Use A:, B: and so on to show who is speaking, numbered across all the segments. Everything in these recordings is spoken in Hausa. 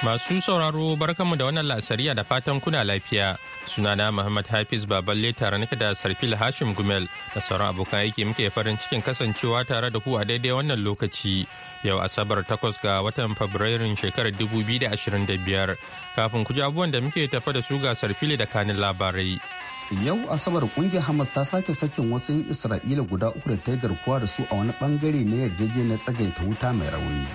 A: Masu sauraro barkanmu da wannan la'asariya da fatan kuna lafiya. Sunana Muhammad Hafiz Baballe tare nake da Sarfil Hashim Gumel da sauran abokan aiki muke farin cikin kasancewa tare da ku a daidai wannan lokaci. Yau Asabar takwas ga watan Fabrairun shekarar 2025. Kafin ku ji abubuwan da muke tafa da su ga Sarfil da kanin labarai.
B: Yau Asabar kungiyar Hamas ta sake sakin wasu Isra'ila guda uku da ta garkuwa da su a wani bangare na yarjejeniyar tsagaita wuta mai rauni.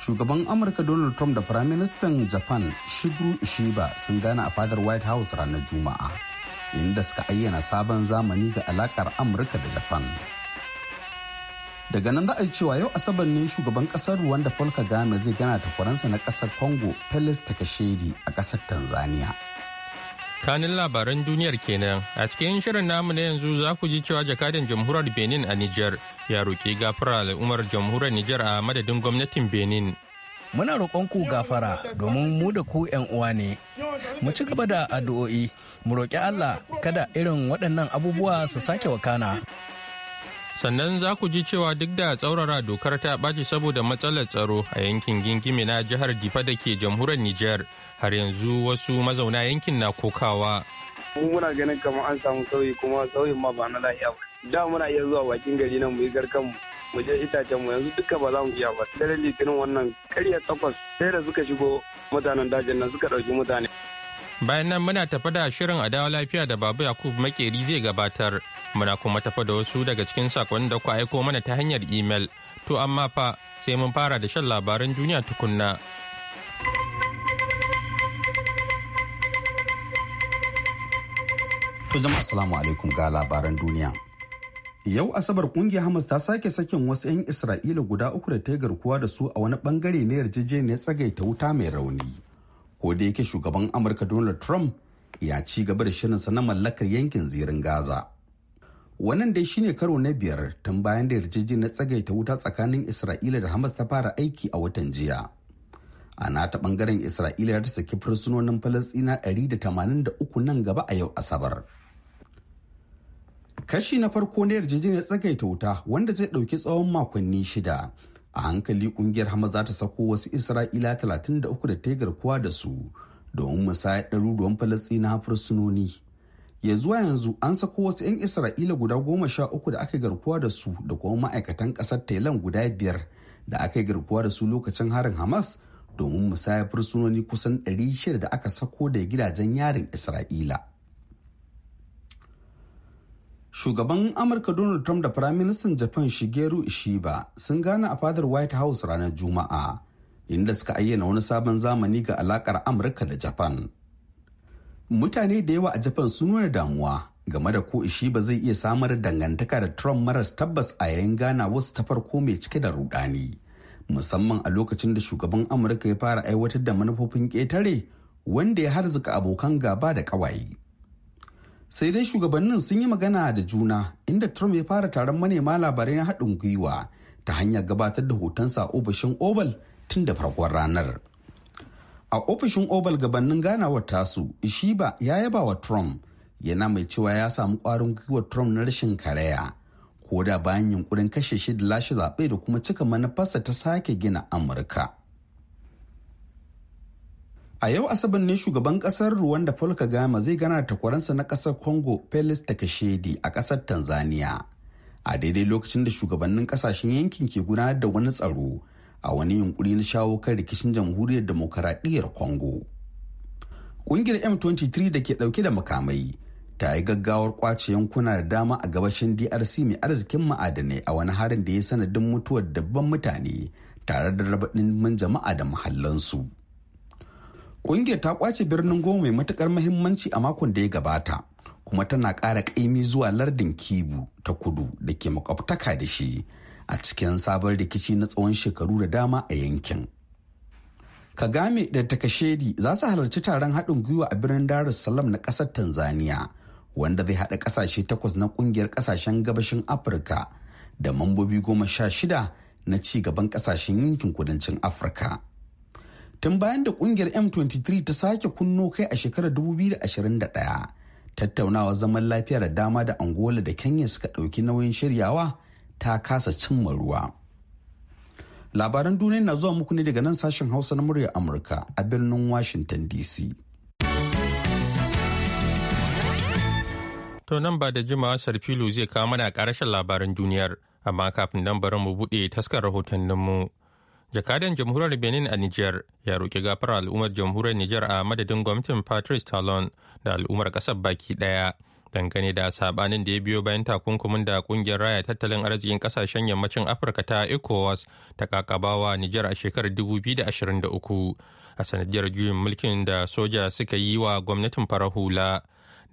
B: shugaban amurka donald trump da firaministan japan shigeru ishiba sun gana a fadar white house ranar juma'a inda suka ayyana sabon zamani ga alakar amurka da japan daga nan za a cewa yau asabar ne shugaban kasar wanda paul kagame zai gana ta faransa na kasar congo felix takashedi a kasar tanzania
A: kanin labaran duniyar kenan a cikin shirin namu na yanzu za ku ji cewa jakadan jamhuriyar benin a niger ya roƙi gafara al'ummar jamhuriyar niger a madadin gwamnatin benin
C: muna roƙon ku gafara domin mu da ku yan uwa ne mu ci gaba da addu'o'i mu roƙi allah kada irin waɗannan abubuwa su sake wakana
A: sannan za ku ji cewa duk da tsaurara dokar ta ɓaci saboda matsalar tsaro a yankin gingime na jihar difa da ke jamhuriyar niger har yanzu wasu mazauna yankin na kokawa
D: muna ganin kamar an samu sauyi kuma sauyin ma ba na lahiya ba da muna iya zuwa bakin gari nan mu yi garkan mu mu je itacen mu yanzu duka ba za mu iya ba dare litinin wannan karya takwas sai da suka shigo mutanen dajin nan suka ɗauki mutane
A: bayan nan muna tafa da shirin adawa lafiya da babu yakubu makeri zai gabatar muna kuma tafa da wasu daga cikin sakonnin da ku aiko mana ta hanyar imel to amma fa sai mun fara da shan labaran duniya tukunna
B: To jama'a assalamu alaikum ga labaran duniya. Yau Asabar kungiyar Hamas ta sake sakin wasu 'yan Isra'ila guda uku da ta garkuwa da su a wani bangare na yarjejeniyar tsagaita wuta mai rauni. ko da yake shugaban amurka donald trump ya ci gaba da shirinsa na mallakar yankin zirin gaza wannan dai shine karo na biyar tun bayan da yarjejeniyar tsagaita wuta tsakanin isra'ila da hamas ta fara aiki a watan jiya a nata bangaren isra'ila ta saki fursunonin ɗari da tamanin da uku nan gaba a yau asabar kashi na farko na yarjejeniyar tsagaita wuta wanda zai ɗauki tsawon makonni shida a hankali kungiyar hamas za ta sako wasu isra'ila 33 da ta yi garkuwa da su domin musayar ɗaruruwan na fursunoni yanzu yanzu an sako wasu 'yan isra'ila guda goma sha uku da aka garkuwa da su da kuma ma'aikatan ƙasar telan guda biyar da aka yi garkuwa da su lokacin harin hamas domin musayar fursunoni kusan 600 da aka sako da gidajen yarin isra'ila Shugaban Amurka Donald Trump da Firaministan Japan Shigeru Ishiba sun gane a fadar White House ranar Juma'a, inda suka ayyana wani sabon zamani ga alakar Amurka da Japan. Mutane da yawa a Japan sun nuna damuwa game da ko Ishiba zai iya samar dangantaka da Trump maras tabbas a yayin gana wasu ta farko mai cike da rudani, musamman a lokacin da shugaban Amurka ya fara aiwatar da manufofin ƙetare wanda ya harzuka abokan gaba da ƙawaye. sai dai shugabannin sun yi magana da juna inda trump ya fara taron manema labarai na haɗin gwiwa ta hanyar gabatar da hotonsa a ofishin oval tun da farkon ranar a ofishin oval gabanin ganawar tasu ishiba ya yaba wa trump yana mai cewa ya samu ƙwarin gwiwar trump na rashin karaya ko da bayan yunkurin kashe shi da lashe zaɓe da kuma cika manufarsa ta sake gina amurka A yau Asabar ne shugaban kasar Rwanda Paul Kagame zai gana da takwaransa na kasar Congo Felix Takashedi a kasar Tanzania. A daidai lokacin da shugabannin kasashen yankin ke gudanar da wani tsaro a wani yunkuri na shawo kan rikicin jamhuriyar demokaradiyyar Congo. Kungiyar M23 da ke dauke da makamai ta yi gaggawar kwace yankuna da dama a gabashin DRC mai arzikin ma'adanai a wani harin da ya sanadin mutuwar dabban mutane tare da rabadin jama'a da mahallansu. Ƙungiyar ta kwace birnin goma mai matukar muhimmanci a makon da ya gabata, kuma tana ƙara ƙaimi zuwa lardin Kibu ta kudu da ke makwabtaka da shi a cikin sabon rikici na tsawon shekaru da dama a yankin. Kagame da Takashedi za su halarci taron haɗin gwiwa a birnin Dar es Salaam na ƙasar Tanzania, wanda zai haɗa ƙasashe takwas na ƙungiyar ƙasashen gabashin Afirka da mambobi goma sha shida na ci gaban ƙasashen yankin kudancin Afirka. tun bayan da kungiyar m23 ta sake kunno kai a shekarar 2021 tattaunawa zaman lafiya da dama da angola da kenya suka ɗauki nauyin shiryawa ta kasa cimma ruwa labaran duniya na zuwa muku ne daga nan sashen hausa na muryar amurka a birnin washington dc
A: to nan ba da jimawa sarfilo zai kawo mana ƙarashin labaran duniyar amma kafin nan bari mu buɗe taskar rahotanninmu. mu jakadan jamhuriyar benin a niger ya roƙi gafara al'ummar jamhuriyar niger a madadin gwamnatin patrice talon da al'ummar ƙasar baki ɗaya dangane da sabanin da ya biyo bayan takunkumin da kungiyar raya tattalin arzikin kasashen yammacin afirka ta ecowas ta kakabawa Niger a shekarar 2023 a sanadiyar juyin mulkin da soja suka yi wa gwamnatin farar hula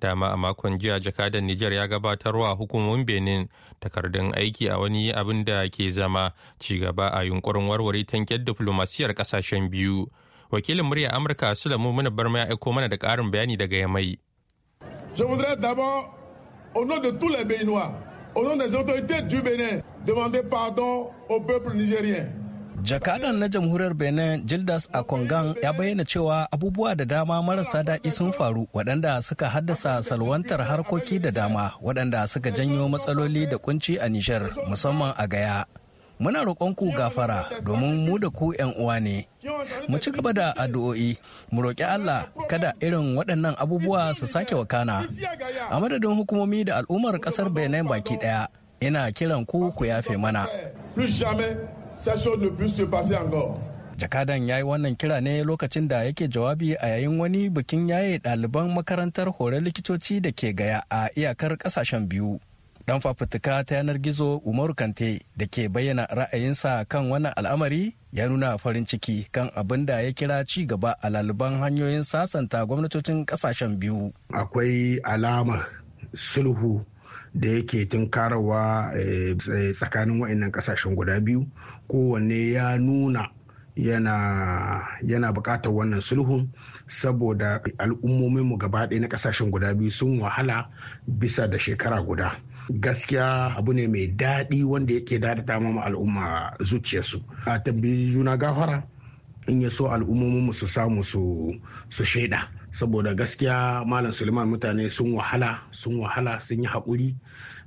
A: dama a makon jiya jakadan Nijar ya gabatarwa hukumomin Benin takardun aiki a wani abin da ke zama ci gaba a yunkurin warware tankin diplomasiyar kasashen biyu. Wakilin murya Amurka Sulaimu Muna Barma ya aiko mana da ƙarin bayani daga Yamai.
E: Je voudrais d'abord au nom de tous les Béninois, au nom des autorités du Bénin, demander pardon au peuple nigérien.
C: jakadan na jamhuriyar benin jildas a kongan ya bayyana cewa abubuwa da dama marasa daɗi sun faru waɗanda suka haddasa salwantar harkoki da dama waɗanda suka janyo matsaloli da kunci a nishar musamman a gaya muna roƙonku gafara domin mu da ku yan uwa ne mu ci gaba da addu'o'i mu roƙi Allah kada irin waɗannan abubuwa su sake wakana a madadin hukumomi da al'ummar ƙasar Benin baki ɗaya ina kiran ku ku yafe mana
E: ces ne puissent se passer encore.
C: jakadan ya yi wannan kira ne lokacin da yake jawabi a yayin wani bikin yaye ɗaliban makarantar horar likitoci da ke gaya a iyakar ƙasashen biyu dan fafutuka ta yanar gizo umaru kante da ke bayyana ra'ayinsa kan wannan al'amari ya nuna farin ciki kan abin da ya kira ci gaba a laliban hanyoyin sasanta
E: gwamnatocin ƙasashen biyu akwai alama sulhu da yake tunkarawa eh, tsakanin waɗannan ƙasashen guda biyu kowanne ya nuna yana yana bukatar wannan sulhun saboda al'ummominmu gaba ɗaya na ƙasashen guda biyu sun wahala bisa da shekara guda gaskiya abu ne mai daɗi wanda yake daɗaɗa ma al'umma zuciyarsu a tambayi juna gafara in ya so al'ummomin mu su samu su shaida saboda gaskiya malam suleiman mutane sun wahala sun wahala sun yi haƙuri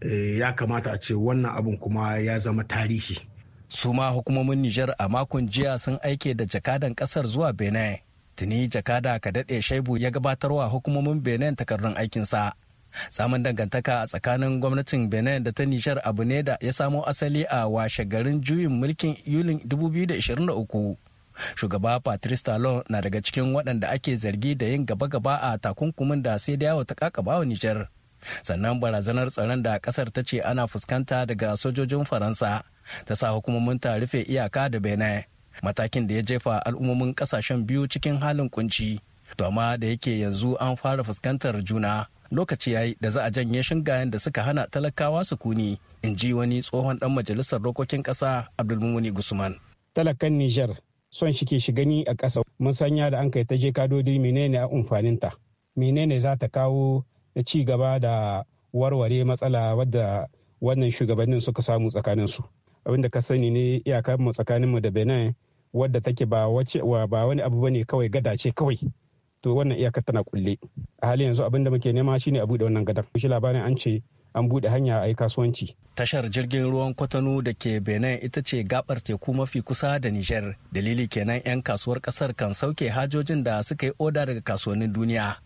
E: eh, ya kamata a ce wannan abin kuma ya zama tarihi su ma hukumomin nijar
C: a makon jiya sun aike da jakadan kasar zuwa benin tuni jakada ka daɗe shaibu ya gabatarwa hukumomin benin takardun aikinsa samun dangantaka a tsakanin gwamnatin benin da ta nijar abu ne da ya samo asali a washe garin juyin mulkin yulin 2023 shugaba patrice talon na daga cikin waɗanda ake zargi da yin gaba-gaba a takunkumin da sai da yawa ta kakaba wa nijar sannan barazanar tsaron da kasar ta ce ana fuskanta daga sojojin faransa ta sa hukumomin ta rufe iyaka da benin matakin da ya jefa al'ummomin kasashen biyu cikin halin kunci to amma da yake yanzu an fara fuskantar juna lokaci yayi da za a janye shingayen da suka hana talakawa
F: su kuni. in ji wani tsohon dan majalisar dokokin kasa abdulmumuni gusman talakan nijar son shi ke shiga ni a ƙasa mun sanya da an kai ta je kadodi menene amfaninta menene za ta kawo na ci gaba da warware matsala wadda wannan shugabannin suka samu tsakaninsu abinda ka sani ne iyakar mu tsakaninmu da benin wadda take ba wani abu bane kawai gada ce kawai to wannan iyakar tana kulle a halin yanzu abin da muke nema shine a bude wannan gadar shi labarin an ce an bude hanya a yi kasuwanci
C: tashar jirgin ruwan kwatano da ke benin ita ce gabar teku mafi kusa da niger dalili kenan 'yan kasuwar kasar kan sauke hajojin da suka yi oda daga kasuwannin duniya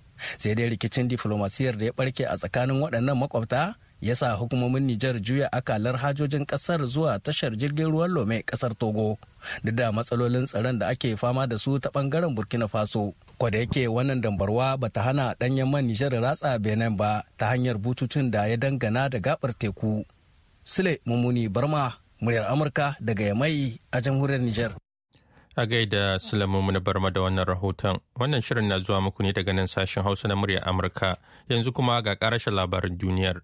C: sai dai rikicin diflomasiyar da ya barke a tsakanin waɗannan makwabta ya sa hukumomin Nijar juya akalar hajojin ƙasar zuwa tashar jirgin ruwan Lome ƙasar Togo duk da matsalolin tsaron da ake fama da su ta ɓangaren Burkina Faso. Kwada yake wannan dambarwa ba ta hana ɗanyen man Nijar ratsa Benin ba ta hanyar bututun da ya dangana da gaɓar teku. Sule Mumuni Barma, muryar Amurka daga Yamai a jamhuriyar
A: Nijar. A gaida mu na barma da wannan rahoton. Wannan shirin na zuwa muku ne daga nan sashen Hausa na murya Amurka. Yanzu kuma ga karashen labarin duniyar.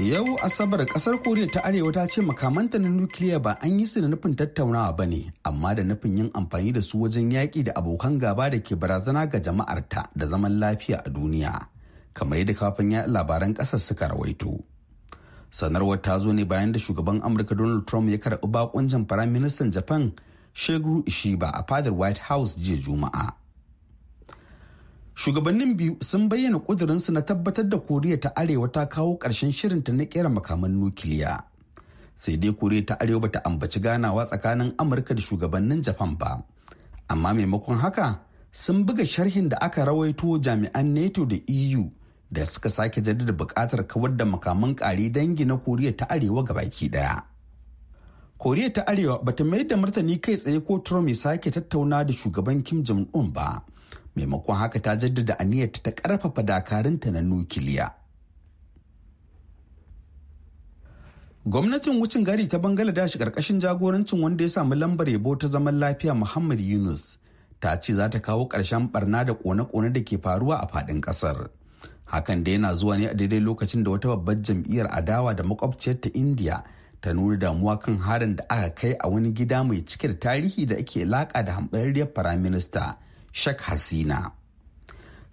B: Yau Asabar kasar Koriya ta Arewa ta ce makamanta na nukiliya ba an yi su da nufin tattaunawa ba ne, amma da nufin yin amfani da su wajen yaƙi da abokan gaba da ke barazana ga jama'arta da zaman lafiya a duniya. Kamar yadda kafin ya labaran ƙasar suka rawaito. sanarwar ta zo ne bayan da shugaban amurka donald trump ya karɓi bakon jan firaministan japan sheguru ishiba a fadar white house jiya juma'a shugabannin biyu sun bayyana su na tabbatar da koriya ta arewa ta kawo ƙarshen shirinta na kera makaman nukiliya sai dai koriya ta arewa bata ambaci ganawa tsakanin amurka da shugabannin japan ba amma maimakon haka sun buga sharhin da aka rawaito jami'an nato da eu da suka sake jaddada bukatar kawar da makaman ƙari dangi na koriya ta arewa ga baki ɗaya koriya ta arewa bata mai da martani kai tsaye ko trump ya sake tattauna da shugaban kim jong un ba maimakon haka ta jaddada aniyarta ta ƙarfafa dakarunta na nukiliya gwamnatin wucin gari ta bangaladesh ƙarƙashin jagorancin wanda ya samu lambar yabo ta zaman lafiya muhammad yunus ta ce za ta kawo ƙarshen barna da kone-kone da ke faruwa a faɗin ƙasar. hakan da yana zuwa ne a daidai lokacin da wata babbar jam'iyyar adawa da makwabciyar ta indiya ta nuna damuwa kan harin da aka kai a wani gida mai cike da tarihi da ake laƙa da hambararriyar firaminista shak hasina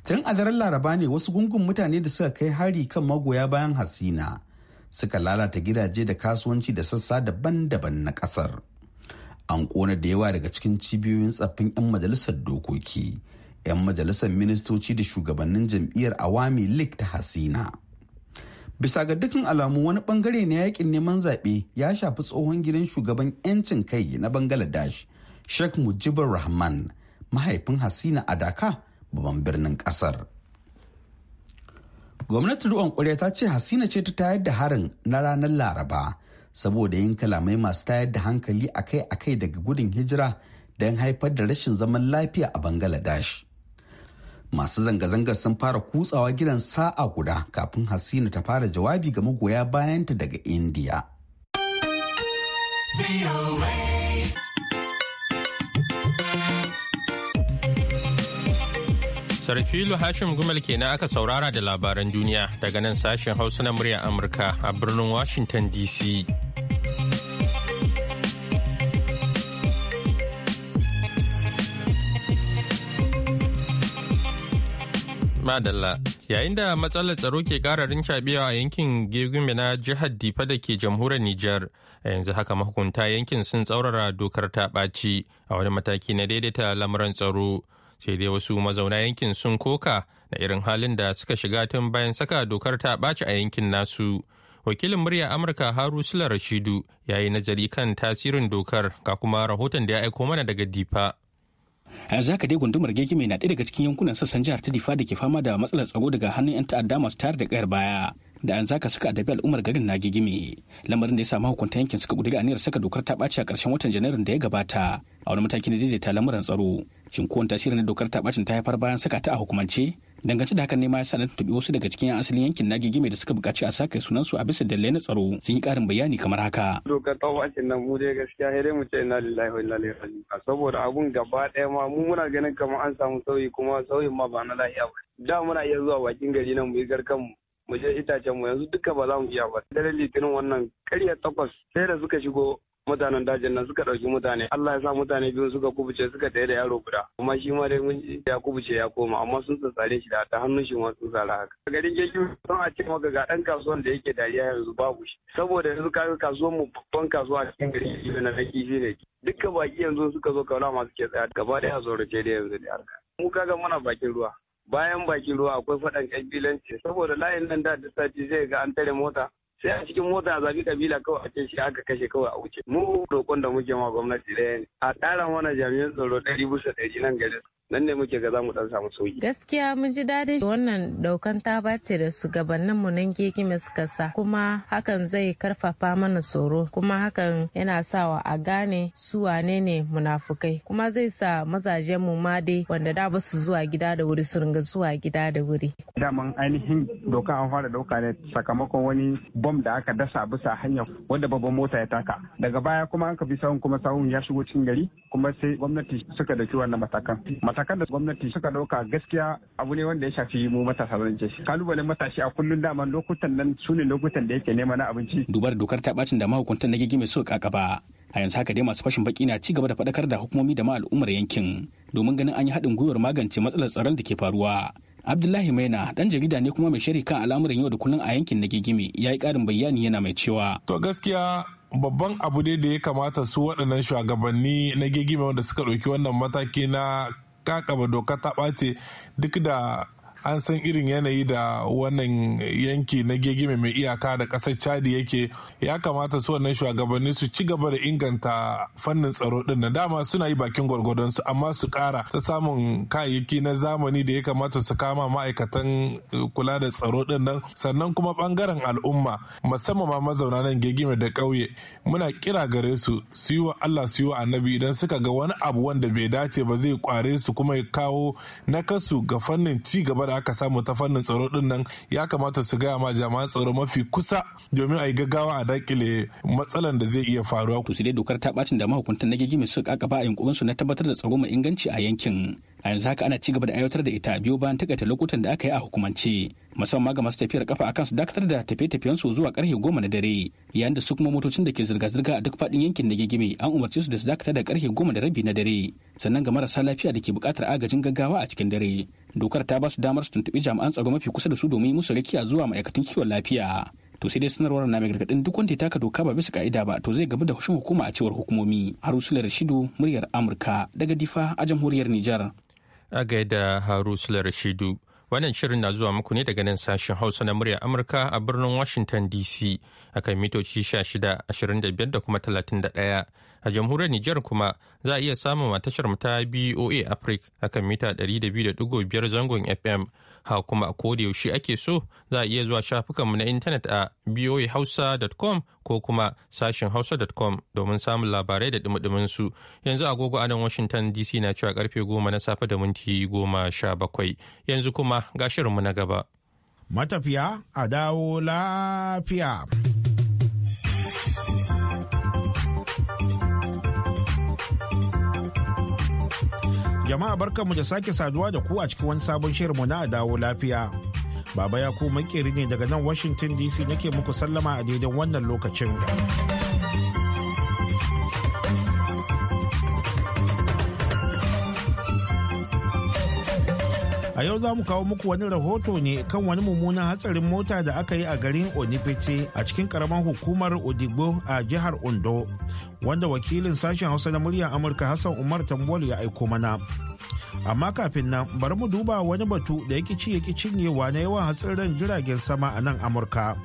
B: tun a daren laraba ne wasu gungun mutane da suka kai hari kan magoya bayan hasina suka lalata gidaje da kasuwanci da sassa daban-daban na kasar an kona da yawa daga cikin cibiyoyin tsaffin 'yan majalisar dokoki 'yan majalisar ministoci da shugabannin jam'iyyar awami league ta hasina bisa ga dukkan alamu wani bangare na yakin neman zaɓe ya shafi tsohon gidan shugaban 'yancin kai na bangladesh sheikh mujibur rahman mahaifin hasina a daka babban birnin kasar gwamnatin ruwan ƙwarya ta ce hasina ce ta tayar da harin na ranar laraba saboda yin kalamai masu tayar da hankali akai-akai daga gudun hijira don haifar da rashin zaman lafiya a bangladesh masu zanga-zangar sun fara kutsawa gidan sa'a guda kafin hasina ta fara jawabi ga magoya bayanta daga indiya
A: sarfilu hashim gumal kenan aka saurara da labaran duniya daga nan sashen hausa na murya amurka a birnin washington dc Madalla, yayin da matsalar tsaro ke kararin shabewa a yankin Gegume na jihar Difa da ke jamhuriyar Nijar, a yanzu haka mahukunta yankin sun tsaurara dokar ta ɓaci a wani mataki na daidaita lamuran tsaro. Sai dai wasu mazauna yankin sun koka na irin halin da suka shiga tun bayan saka dokar ta ɓaci a yankin nasu. Wakilin murya Amurka Haru Sula Rashidu ya yi nazari kan tasirin dokar ga kuma rahoton da ya aiko mana daga Difa.
F: a yanzu haka dai gundumar gegime na ɗaya daga cikin yankunan sassan jihar ta difa da ke fama da matsalar tsaro daga hannun 'yan ta'adda masu tayar da ƙayar baya da an zaka suka adabi al'ummar garin na gigime lamarin da ya samu hukunta yankin suka ƙudiri aniyar saka dokar ta ɓaci a ƙarshen watan janairun da ya gabata a wani mataki na daidaita lamuran tsaro shin kowane tasirin da dokar ta ɓacin ta haifar bayan saka ta a hukumance dangance da hakan ne ma ya sa na tuntuɓi wasu daga cikin asalin yankin na gigime da suka buƙaci a sake sunan su a bisa dalilai na tsaro sun yi ƙarin bayani kamar haka.
D: dokar tawacin nan mu dai gaskiya sai dai mu ce inna lillahi wa inna ilaihi raji'un saboda abun gaba ɗaya ma mu muna ganin kamar an samu sauyi kuma sauyin ma ba na lahiya ba da muna iya zuwa bakin gari na mu yi garkanmu mu je itacen mu yanzu duka ba za mu iya ba dalilin litinin wannan karya takwas sai da suka shigo mutanen dajin nan suka ɗauki mutane Allah ya sa mutane biyu suka kubuce suka tsaye da yaro guda kuma shi ma dai mun ya kubuce ya koma amma sun tsare shi da ta hannun shi wasu tsara haka garin jeji sun a ce maka ga ɗan kasuwan da yake dariya yanzu babu shi saboda yanzu kaga kasuwan mu babban kasuwa cikin gari shi na shi ne duka baki yanzu suka zo kaula masu ke tsaya gaba ɗaya a tsorace da yanzu da harka mu kaga muna bakin ruwa bayan bakin ruwa akwai faɗan ƙabilanci saboda layin nan da sati zai ga an tare mota sai a cikin mota a zabi kabila kawai a ce shi aka kashe kawai a wuce mu roƙon da muke ma gwamnati ɗaya ne a ƙara mana jami'an tsaro ɗari bisa ɗari nan gari nan ne muke ga za mu dan samu sauki
C: gaskiya mun ji dadin wannan daukan ta bace da gabanin mu nan gegime suka sa kuma hakan zai karfafa mana tsoro kuma hakan yana sawa a gane su wane ne munafukai kuma zai sa mazajen mu ma dai wanda da basu zuwa gida da wuri su ringa zuwa gida da wuri
D: daman ainihin doka an fara dauka ne sakamakon wani bom da aka dasa bisa hanyar wanda babban mota ya taka daga baya kuma an ka bi sahun kuma sahun ya shigo cikin gari kuma sai gwamnati suka dauki wannan matakan matakan da gwamnati suka dauka gaskiya abu ne wanda ya shafi mu matasa zan ce kalubalen matashi a kullum
F: daman lokutan nan su ne lokutan da yake nema na abinci dubar dokar ta bacin da mahukuntan na gigime su ba a yanzu haka dai masu fashin baki na ci gaba da faɗakar da hukumomi da ma al'ummar yankin domin ganin an yi haɗin gwiwar magance matsalar tsaron da ke faruwa abdullahi maina dan jarida ne kuma mai shari kan al'amuran yau da kullum a yankin na gigime ya yi ƙarin bayani yana mai cewa to
E: gaskiya babban abu ne da ya kamata su waɗannan shugabanni na gigime wanda suka ɗauki wannan mataki na kakaba doka ta ɓace duk da an san irin yanayi da wannan yanki na gegime mai iyaka da kasar chadi yake ya kamata su wannan shugabanni su ci gaba da inganta fannin tsaro din na dama suna yi bakin gwargwadon su amma su kara ta samun kayayyaki na zamani da ya kamata su kama ma'aikatan eh, kula da tsaro din nan sannan kuma bangaren al'umma musamman ma mazauna nan gegime da kauye muna kira gare su su yi wa Allah su yi wa annabi idan suka ga wani abu wanda bai dace ba zai kware su kuma ya kawo nakasu ga fannin ci gaba da aka samu ta fannin tsaro din nan ya kamata su gaya ma jami'an tsaro mafi kusa domin a yi gaggawa a dakile matsalan da zai iya faruwa.
F: Ku sai dai dokar ta bacin da mahukuntan na gigimi suka kakaba a yunkurin su na tabbatar da tsaro mai inganci a yankin. A yanzu haka ana ci gaba da aiwatar da ita biyo bayan takaita lokutan da aka yi a hukumance. musamman ga masu tafiyar kafa akan su dakatar da tafiye-tafiyen su zuwa karfe goma na dare yayin da su kuma motocin da ke zirga-zirga a duk faɗin yankin na gigime an umarci su da su dakatar da karfe goma da rabi na dare sannan ga marasa lafiya da ke buƙatar agajin gaggawa a cikin dare dokar ta ba su damar su tuntuɓi jami'an tsaro mafi kusa da su domin musu rakiya zuwa ma'aikatan kiwon lafiya to sai dai sanarwar na mai gargaɗin duk wanda ya taka doka ba bisa ka'ida ba to zai gaba da hushin hukuma a cewar hukumomi da rashidu muryar amurka daga difa a jamhuriyar nijar
A: a gaida da rashidu wannan shirin na zuwa muku ne daga nan sashen hausa na muryar amurka a birnin washington dc akan mitoci 16 25 da kuma da 31 A jamhuriyar Nijar kuma za a iya samun tashar ta BOA Africa akan mita 200.5 zangon FM. Ha kuma a koda yaushe ake so za a iya zuwa shafukanmu na intanet a boahausa.com ko kuma sashin hausa.com domin samun labarai da dumudumin su. Yanzu agogo a nan Washington DC na cewa karfe goma na safe da minti goma sha bakwai. Yanzu kuma ga shirinmu na gaba.
E: Matafiya a dawo lafiya. Jama'a mu da sake saduwa da ku a cikin wani sabon mu na dawo lafiya. Baba ya ku makeri ne daga nan Washington DC nake muku sallama a daidai wannan lokacin. A yau za mu kawo muku wani rahoto ne kan wani mummunan hatsarin mota da aka yi a garin Onipece a cikin karamar hukumar Odigbo a jihar Ondo, wanda wakilin sashen Hausa na muryar Amurka Hassan Umar Tambol ya aiko mana. Amma kafin nan bari mu duba wani batu da ya ci cinyewa na yawan hatsarin jiragen sama a nan Amurka.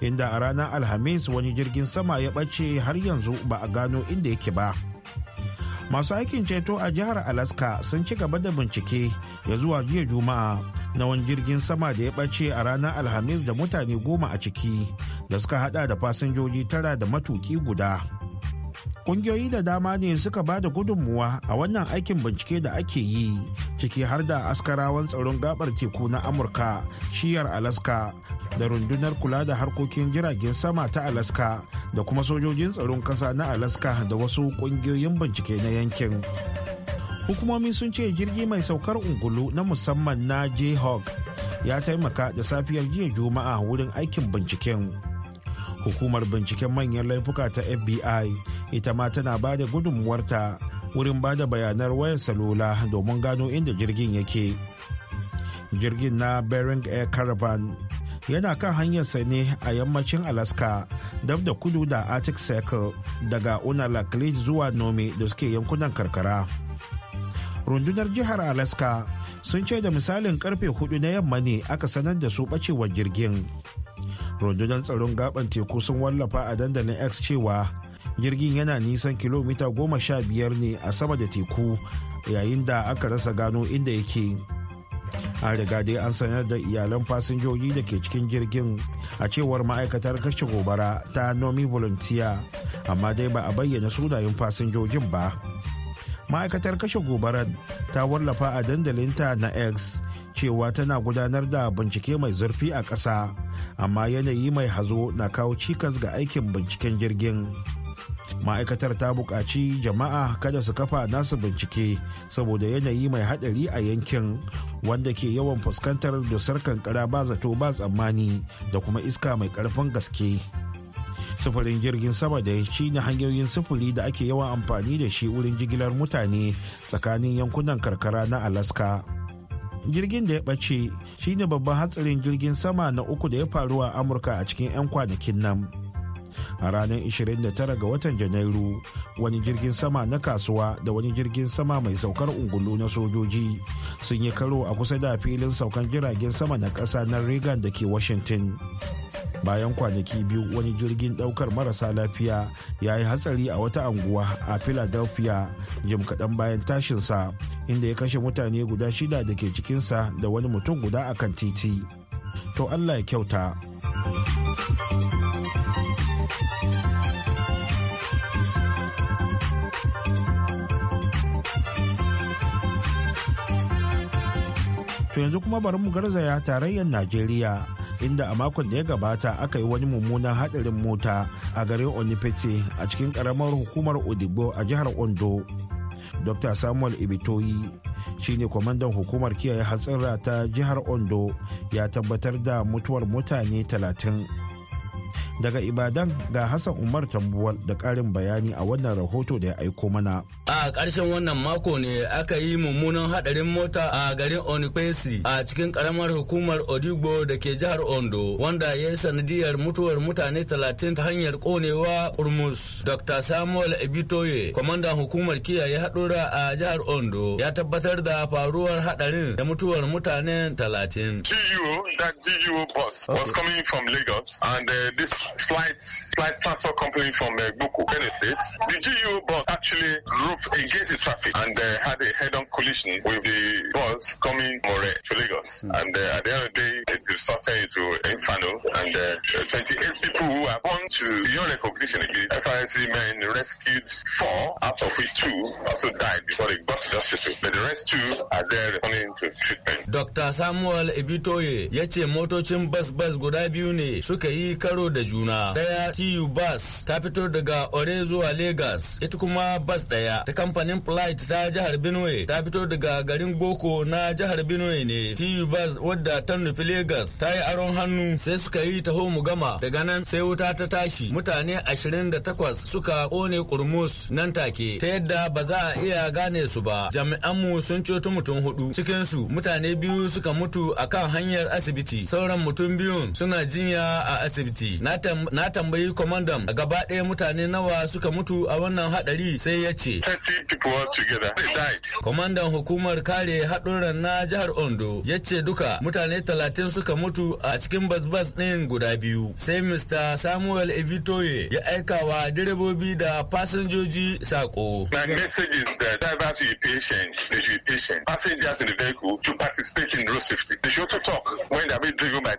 E: Inda a ranar Alhamis wani jirgin sama ya ɓace har yanzu ba a gano inda yake ba. masu aikin ceto a jihar alaska sun ci gaba da bincike ya zuwa jiya juma'a na wani jirgin sama da ya ɓace a ranar alhamis da mutane goma a ciki da suka hada da fasinjoji tara da matuki guda kungiyoyi da dama ne suka ba da gudunmuwa a wannan aikin bincike da ake yi ciki har da askarawan tsaron gabar teku na amurka shiyar alaska da rundunar kula da harkokin jiragen sama ta alaska da kuma sojojin tsaron kasa na alaska da wasu kungiyoyin bincike na yankin hukumomi sun ce jirgi mai saukar ungulu na musamman na jayhawk ya taimaka da safiyar jiya juma'a wurin aikin binciken hukumar binciken manyan laifuka ta fbi ita ma tana ba da gudunmuwarta wurin ba da bayanar wayar salula domin gano inda jirgin yake jirgin na bering air caravan yana kan hanyarsa ne a yammacin alaska daf da kudu da arctic circle daga unalaklit zuwa nome da suke yankunan karkara rundunar jihar alaska sun ce da misalin karfe hudu na yamma ne aka sanar da su ɓacewar jirgin rundunar tsaron gaban teku sun wallafa a dandalin x cewa jirgin yana nisan kilomita goma sha biyar ne a sama da teku yayin da aka rasa gano inda yake a riga dai an sanar da iyalan fasinjoji da ke cikin jirgin a cewar ma'aikatar kashe gobara ta nomi volunteer amma dai ba a bayyana sunayen fasinjojin ba ma'aikatar kashe gobarar ta wallafa a dandalinta na x cewa tana gudanar da bincike mai zurfi a ƙasa amma yanayi mai hazo na kawo cikas ga aikin binciken jirgin ma'aikatar ta buƙaci jama'a kada su kafa nasu bincike saboda yanayi mai haɗari a yankin wanda ke yawan fuskantar dusar kankara ba zato ba tsammani da kuma iska mai ƙarfin gaske sufurin jirgin sama da shi ne hanyoyin sufuri da ake yawan amfani da shi wurin jigilar mutane tsakanin yankunan karkara na alaska jirgin da ya ɓace shine babban hatsarin jirgin sama na uku da ya faru a amurka a cikin 'yan kwanakin nan a ranar 29 ga watan janairu wani jirgin sama na kasuwa da wani jirgin sama mai saukar ungulu na sojoji sun yi karo a kusa da filin saukan jiragen sama na ƙasa na reagan da ke washington bayan kwanaki biyu wani jirgin daukar marasa lafiya ya yi hatsari a wata anguwa a philadelphia jim kaɗan bayan tashinsa inda ya kashe mutane guda shida da ke cikinsa da wani mutum guda a kan titi to allah ya kyauta to yanzu kuma bari mu garzaya tarayyar najeriya inda a makon da ya gabata aka yi wani mummunan hadarin mota a garin onipete a cikin karamar hukumar odigbo a jihar ondo dr samuel ibitoyi shine kwamandan hukumar kiyaye hatsinra ta jihar ondo ya tabbatar da mutuwar mutane 30 daga ibadan ga hassan umar tambuwal da karin bayani a wannan rahoto da ya aiko mana
G: a ƙarshen wannan mako ne aka yi mummunan hadarin mota a garin onipesi a cikin karamar hukumar odigbo da ke jihar ondo wanda ya yi sanadiyar mutuwar mutane talatin ta hanyar konewa kurmus dr samuel ebitoye kwamandan hukumar kiyaye haɗura a jihar ondo ya tabbatar da faruwar hadarin da mutuwar mutanen talatin.
E: GU, e that GU e bus okay. was coming from Lagos and uh, this slight, slight transfer company from uh, Benin The GU bus actually drove against the traffic and uh, had a head-on
B: collision with the bus coming More uh, to Lagos. Mm. And uh, at the end of the day, it resulted into inferno
A: and uh, 28 people who are born
E: to your recognition The FIC men rescued four, out of which two also died before they got to the hospital. But the rest two are there responding to
G: treatment. Dr. Samuel Ibitoye ya ce motocin bus, bus, guda biyu ne suka yi karo da juna daya tu bus ta fito daga ore zuwa lagos ita kuma bus daya ta kamfanin flight ta jihar benue ta fito daga garin boko na jihar benue ne tu bus wadda ta nufi lagos ta yi aron hannu sai suka yi taho mu gama daga nan sai wuta ta tashi mutane ashirin da takwas suka kone kurmus nan take ta yadda ba za a iya gane su ba jami'anmu sun ceto mutum hudu cikinsu mutane biyu suka mutu akan hanyar asibiti sauran mutum biyun suna jinya a asibiti na na tambayi kwamandan gaba ɗaya mutane nawa suka mutu a wannan haɗari sai ya ce. Kwamandan hukumar kare haɗurran na jihar Ondo ya ce duka mutane talatin suka mutu a cikin basbas ɗin guda biyu. Sai Mr. Samuel Evitoye ya aika wa direbobi da fasinjoji
F: sako.
G: in
E: the vehicle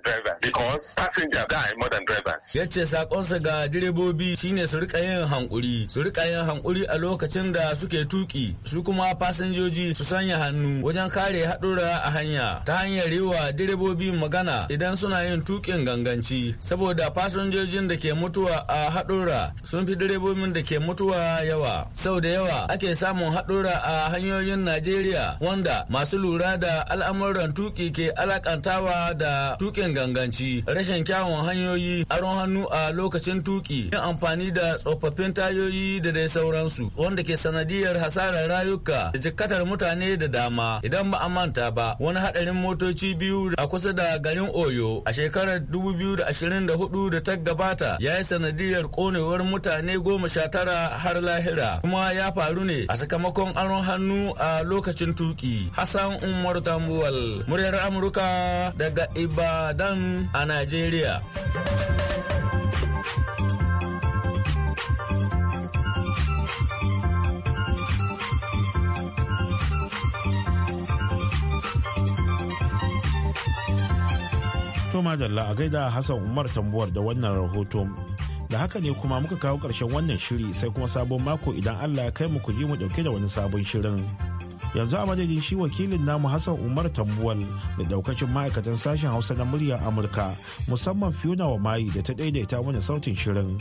E: because passengers die more than drivers.
G: ya ce sakonsa ga direbobi shine su rika yin hankuri su rika yin hankuri a lokacin da suke tuki su kuma fasinjoji su sanya hannu wajen kare haɗura a hanya ta hanyar yi wa direbobi magana idan suna yin tukin ganganci saboda fasinjojin da ke mutuwa a haɗura sun fi direbobin da ke mutuwa yawa sau da yawa ake samun haɗura a hanyoyin najeriya wanda masu lura da al'amuran tuki ke alakantawa da tukin ganganci rashin kyawun hanyoyi aron hannu a lokacin tuki yin amfani da tsofaffin tayoyi da dai sauransu wanda ke sanadiyar hasarar rayuka da jikkatar mutane da dama idan ba a manta ba wani hadarin motoci biyu a kusa da garin oyo a shekarar 2024 da ta gabata ya yi sanadiyar konewar mutane goma sha tara har lahira kuma ya faru ne a sakamakon aron hannu a lokacin tuki hassan umar tambuwal muryar amurka daga ibadan a najeriya
E: To madalla a gaida Hassan Umar tambuwar da wannan rahoto. Da haka ne kuma muka kawo ƙarshen wannan shiri sai kuma sabon mako idan Allah ya kai mu ku ji mu ɗauke da wani sabon shirin. Yanzu a madadin shi wakilin namu Hassan Umar Tambuwal da daukacin ma'aikatan sashen Hausa na muryar Amurka musamman Fiona wa Mayi da ta daidaita mana sautin shirin.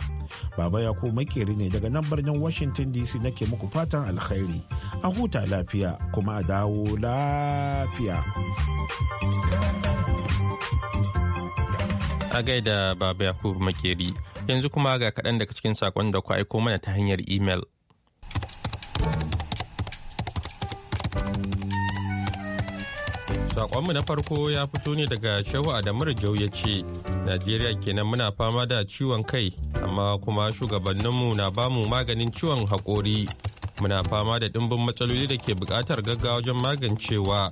E: Baba ya ko makeri ne daga nan birnin Washington DC nake muku fatan alkhairi. A huta lafiya kuma a dawo lafiya.
A: A gaida Baba Yakubu Makeri, yanzu kuma ga kaɗan daga cikin saƙon da ku aiko mana ta hanyar imel. Sakonmu na farko ya fito ne daga Shehu Adamu Jau ya ce, Najeriya kenan muna fama da ciwon kai, amma kuma shugabanninmu na bamu maganin ciwon haƙori. Muna fama da ɗimbin matsaloli da ke buƙatar gaggawa wajen magancewa.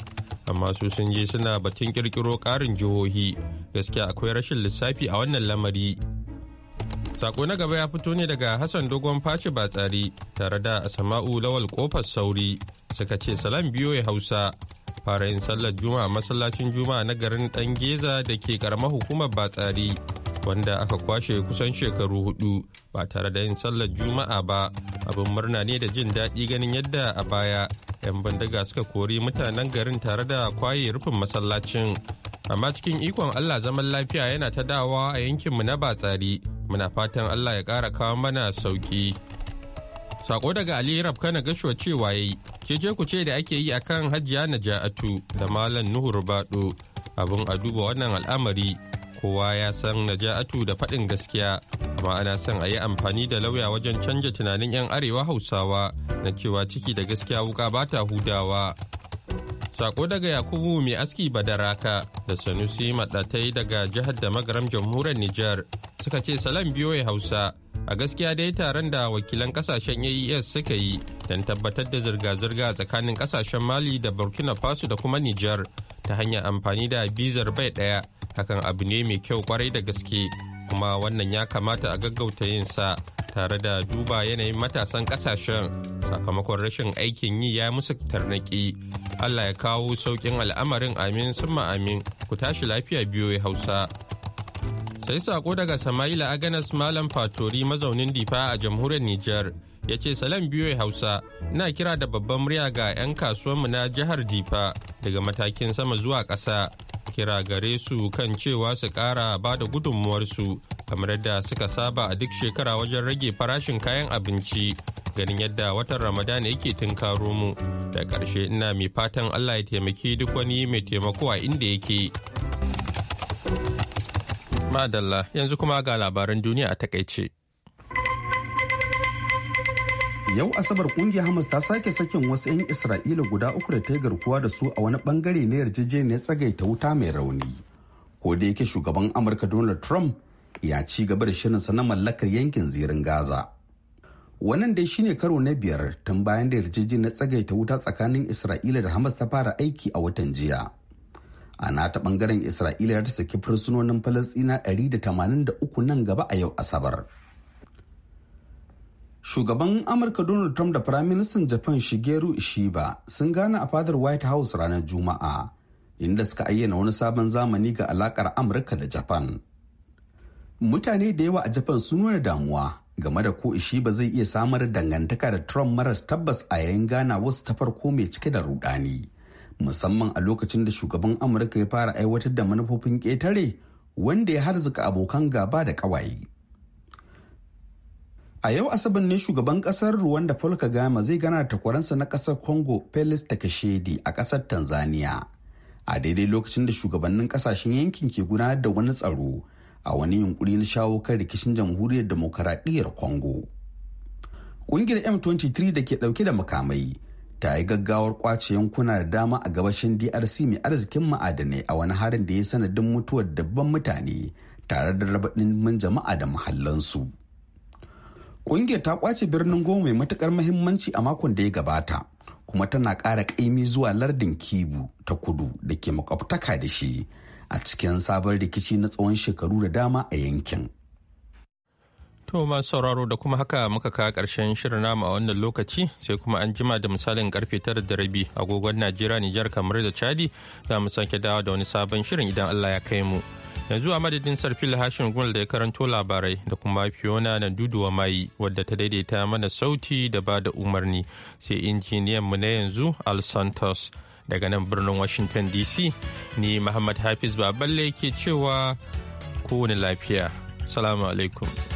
A: amma su sun je suna batun kirkiro karin jihohi gaskiya akwai rashin lissafi a wannan lamari sako na gaba ya fito ne daga hassan dogon faci batsari tare da asama'u lawal kofar sauri suka ce salam biyo ya hausa fara yin sallar juma'a masallacin juma'a na garin dan geza da ke karamar hukumar batsari wanda aka kwashe kusan shekaru hudu ba tare da yin sallar juma'a ba abin murna ne da jin daɗi ganin yadda a baya 'yan bandaga suka kori mutanen garin tare da kwaye rufin masallacin amma cikin ikon allah zaman lafiya yana ta dawa a yankinmu na batsari muna fatan allah ya ƙara kawo mana sauki sako daga ali rab na gashuwa cewa yayi je ku ce da ake yi akan hajiya ja'atu da malam nuhu rubaɗo abin a duba wannan al'amari kowa ya san naja'atu da faɗin gaskiya amma ana son a yi amfani da lauya wajen canja tunanin 'yan arewa hausawa na cewa ciki da gaskiya wuka ba ta hudawa sako daga yakubu mai aski badaraka da sanusi maɗatai daga jihar da magaram jamhuriyar nijar suka ce salam biyoyi hausa a gaskiya dai taron da wakilan kasashen aes suka yi don tabbatar da zirga-zirga tsakanin kasashen mali da burkina faso da kuma nijar ta hanyar amfani da bizar bai ɗaya hakan abu ne mai kyau kwarai da gaske kuma wannan ya kamata a gaggauta yin sa tare da duba yanayin matasan kasashen sakamakon rashin aikin yi ya musu tarnaki allah ya kawo saukin al'amarin amin summa amin ku tashi lafiya biyo hausa sai sako daga samaila aganas malam fatori mazaunin difa a jamhuriyar nijar ya ce salam biyo hausa ina kira da babban murya ga 'yan kasuwanmu na jihar difa daga matakin sama zuwa ƙasa kira gare su kan cewa su ƙara ba da gudunmuwarsu kamar yadda suka saba a duk shekara wajen rage farashin kayan abinci ganin yadda watan ramadana yake tunkaro mu da ƙarshe ina mai fatan allah ya taimaki duk wani mai taimako a inda yake madalla yanzu kuma ga labaran duniya a takaice.
B: yau asabar kungiyar hamas ta sake sakin wasu 'yan isra'ila guda uku da ta yi garkuwa da su a wani bangare na yarjejeniyar tsagaita wuta mai rauni ko da yake shugaban amurka donald trump ya ci gaba da shirinsa na mallakar yankin zirin gaza wannan dai shine karo na biyar tun bayan da yarjejeniyar tsagaita wuta tsakanin isra'ila da hamas ta fara aiki a watan jiya a nata bangaren isra'ila ta saki fursunonin falastina 183 nan gaba a yau asabar. Shugaban Amurka Donald Trump da Firaministan Japan Shigeru Ishiba sun gane a fadar White House ranar Juma'a, inda suka ayyana wani sabon zamani ga alakar Amurka da Japan. Mutane da yawa a Japan sun nuna damuwa game da ko Ishiba zai iya samar dangantaka da Trump maras tabbas a yayin gana wasu ta farko mai cike da rudani, musamman a lokacin da shugaban Amurka ya fara aiwatar da manufofin ƙetare wanda ya harzuka abokan gaba da ƙawaye. A yau Asabar ne shugaban kasar Rwanda Paul Kagame zai gana da takwaransa na kasar Congo Felix Takashedi a kasar Tanzania. A daidai lokacin da shugabannin kasashen yankin ke gudanar da wani tsaro a wani yunkuri na shawo kan rikicin jamhuriyar demokaradiyyar Congo. Ƙungiyar M23 da ke dauke da makamai ta yi gaggawar kwace yankuna da dama a gabashin DRC mai arzikin ma'adanai a wani harin da ya sanadin mutuwar dabban mutane tare da raba jama'a da mahallansu. Ƙungiyar ta kwace birnin goma mai matukar muhimmanci a makon da ya gabata, kuma tana ƙara ƙaimi zuwa lardin Kibu ta kudu da ke makwabtaka da shi a cikin sabon rikici na tsawon shekaru da dama a yankin.
A: To masu sauraro da kuma haka muka kawo ƙarshen shirin namu a wannan lokaci sai kuma an jima da misalin karfe tara da rabi agogon Najeriya Nijar kamar da Chadi za mu sake dawo da wani sabon shirin idan Allah ya kai mu. Yanzu a madadin Sarfil Hashin Gul da ya karanto labarai da kuma Fiona na duduwa mai wadda ta daidaita mana sauti da ba da umarni sai injiniyan mu na yanzu Al Santos daga nan birnin Washington DC ni Muhammad Hafiz Baballe ke cewa kowane lafiya. Salamu alaikum.